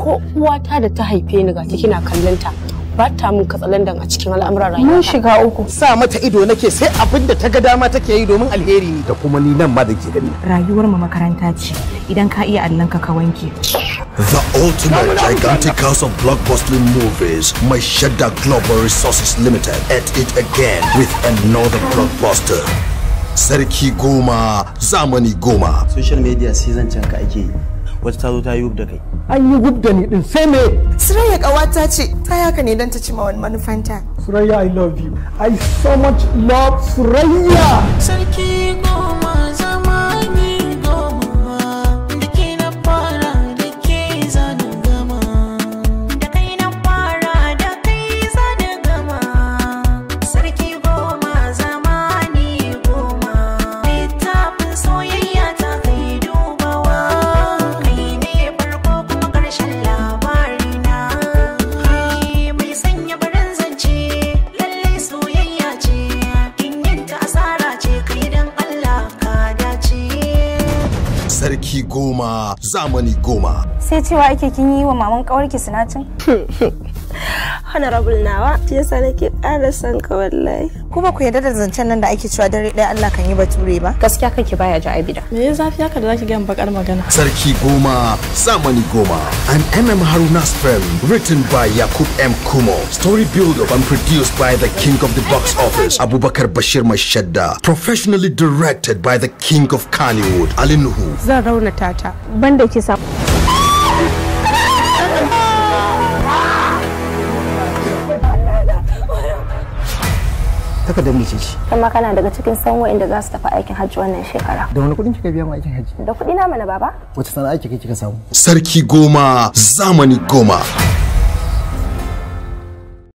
ko uwata da ta haife ni ga kina kallon ta ba ta mun katsalandan a cikin al'amuran rayuwa mun shiga uku sa mata ido nake sai abin da ta ga dama take yi domin alheri ne da kuma ni nan ma da ke gani rayuwar mu makaranta ce idan ka iya allon ka ka wanke The ultimate gigantic house of blockbuster movies, Shadda Global Resources Limited, at it again with another blockbuster. Sarki Goma, Zamani Goma. Social media season can ka ake yi. wata ta zo ta yi da kai an yi gub da ni din sai me suraya kawata ce ta yaka ne dan ta ci ma wani manufanta suraya i love you i so much love suraya sarki sarki goma zamani goma sai cewa ake kin yi wa maman kawarki sinacin honorable nawa shi yasa nake ƙara son ka wallahi kuma ku yarda da zancen nan da ake cewa dare ɗaya Allah kan yi bature ba gaskiya kanki baya ji abida me ya zafi haka da zaki ga bakar magana sarki goma zamani goma an mm haruna spell written by yakub m kumo story build up and produced by the king of the box office abubakar bashir mashadda professionally directed by the king of kannywood alinuhu zan raunata ta banda kisa da mai ce kuma kana daga cikin san wa'anda za su tafi aikin hajji wannan shekara da wani kuɗin kika biya mu aikin hajji da kuɗi na mana baba wace sana'a kike kika samu sarki goma zamani goma